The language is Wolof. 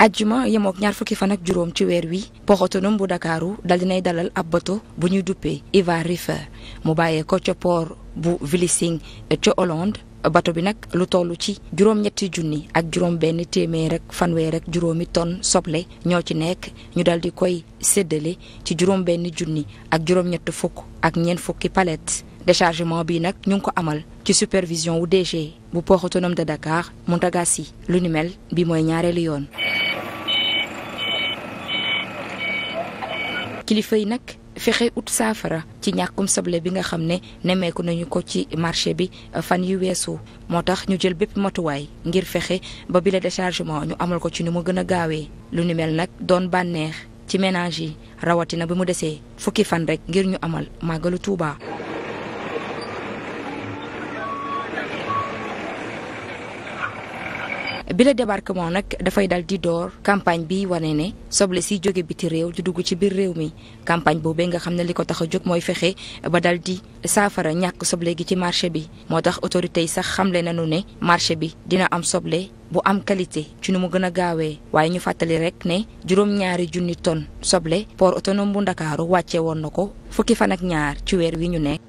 ajjuma yemook ñaar fukki fan ak juróom ci weer wi port autonome bu dakaaru dal dinay dalal ab bato bu ñuy duppee Iva River mu bàyyee ko ca port bu Vlissing ca Hollande bato bi nag lu toll ci juróom-ñetti junni ak juróom benn téeméer ak fanweer ak juróomi tonne soble ñoo ci nekk ñu dal di koy séddale ci juróom benn junni ak juróom-ñett fukk ak ñeent fukki palette déchargement bi nag ñu ngi ko amal ci supervision wu DG bu port autonome de Dakar Mountaga lu ni mel mooy ñaareelu yoon kilifa yi nag fexe ut saafara ci ñàkkum sable bi nga xam ne nemmeeku nañu ko ci marché bi fan yu weesu moo tax ñu jël bépp matuwaay ngir fexe ba bile déchargement ñu amal ko ci nu mu gën a gaawee lu ni mel nag doon bànneex ci ménage yi rawatina bi mu desee fukki fan rek ngir ñu amal màggalu Tuubaa bi la nag dafay dal di door campagne bi wane ne soble si jóge biti réew di dugg ci biir réew mi campagne boobee nga xam ne li ko tax a jóg mooy fexe ba dal di saafara ñàkk soble gi ci marché bi moo tax autorités yi sax xamle nañu ne marché bi dina am soble bu am qualité ci nu mu gën a gaawee waaye ñu fàttali rek ne juróom-ñaari junni tonnes soble port autonome bu Ndakaaru wàcce woon na ko fukki fan ak ñaar ci weer wi ñu nekk